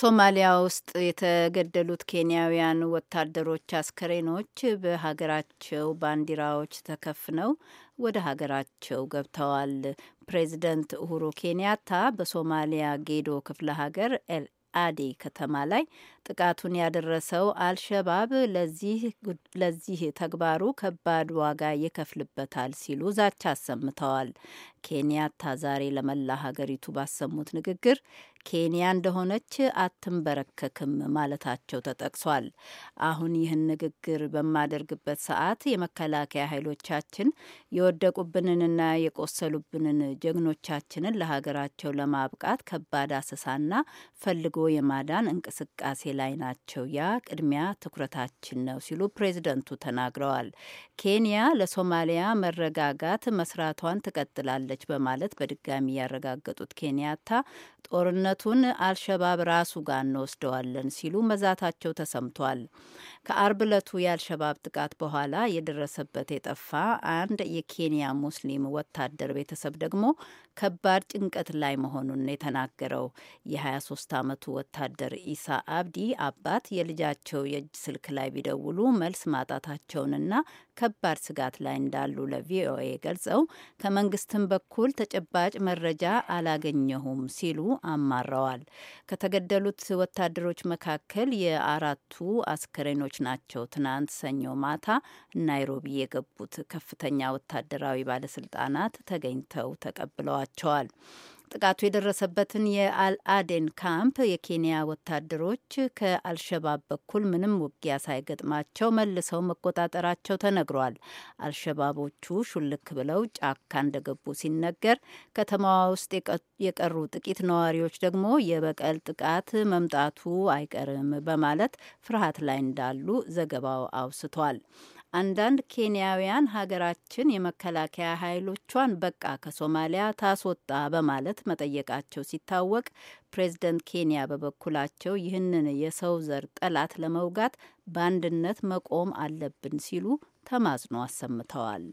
ሶማሊያ ውስጥ የተገደሉት ኬንያውያን ወታደሮች አስከሬኖች በሀገራቸው ባንዲራዎች ተከፍነው ወደ ሀገራቸው ገብተዋል። ፕሬዚደንት ኡሁሩ ኬንያታ በሶማሊያ ጌዶ ክፍለ ሀገር ኤል አዴ ከተማ ላይ ጥቃቱን ያደረሰው አልሸባብ ለዚህ ተግባሩ ከባድ ዋጋ ይከፍልበታል ሲሉ ዛቻ አሰምተዋል። ኬንያታ ዛሬ ለመላ ሀገሪቱ ባሰሙት ንግግር ኬንያ እንደሆነች አትንበረከክም ማለታቸው ተጠቅሷል። አሁን ይህን ንግግር በማደርግበት ሰዓት የመከላከያ ኃይሎቻችን የወደቁብንንና የቆሰሉብንን ጀግኖቻችንን ለሀገራቸው ለማብቃት ከባድ አሰሳና ፈልጎ የማዳን እንቅስቃሴ ላይ ናቸው። ያ ቅድሚያ ትኩረታችን ነው ሲሉ ፕሬዝደንቱ ተናግረዋል። ኬንያ ለሶማሊያ መረጋጋት መስራቷን ትቀጥላለች ትችላለች በማለት በድጋሚ ያረጋገጡት ኬንያታ ጦርነቱን አልሸባብ ራሱ ጋር እንወስደዋለን ሲሉ መዛታቸው ተሰምቷል። ከአርብ ዕለቱ የአልሸባብ ጥቃት በኋላ የደረሰበት የጠፋ አንድ የኬንያ ሙስሊም ወታደር ቤተሰብ ደግሞ ከባድ ጭንቀት ላይ መሆኑን የተናገረው የ23 ዓመቱ ወታደር ኢሳ አብዲ አባት የልጃቸው የእጅ ስልክ ላይ ቢደውሉ መልስ ማጣታቸውንና ከባድ ስጋት ላይ እንዳሉ ለቪኦኤ ገልጸው ከመንግስትም በ በኩል ተጨባጭ መረጃ አላገኘሁም ሲሉ አማረዋል። ከተገደሉት ወታደሮች መካከል የአራቱ አስከሬኖች ናቸው ትናንት ሰኞ ማታ ናይሮቢ የገቡት። ከፍተኛ ወታደራዊ ባለስልጣናት ተገኝተው ተቀብለዋቸዋል። ጥቃቱ የደረሰበትን የአልአዴን ካምፕ የኬንያ ወታደሮች ከአልሸባብ በኩል ምንም ውጊያ ሳይገጥማቸው መልሰው መቆጣጠራቸው ተነግሯል። አልሸባቦቹ ሹልክ ብለው ጫካ እንደገቡ ሲነገር፣ ከተማዋ ውስጥ የቀሩ ጥቂት ነዋሪዎች ደግሞ የበቀል ጥቃት መምጣቱ አይቀርም በማለት ፍርሃት ላይ እንዳሉ ዘገባው አውስቷል። አንዳንድ ኬንያውያን ሀገራችን የመከላከያ ኃይሎቿን በቃ ከሶማሊያ ታስወጣ በማለት መጠየቃቸው ሲታወቅ ፕሬዝደንት ኬንያ በበኩላቸው ይህንን የሰው ዘር ጠላት ለመውጋት በአንድነት መቆም አለብን ሲሉ ተማጽኖ አሰምተዋል።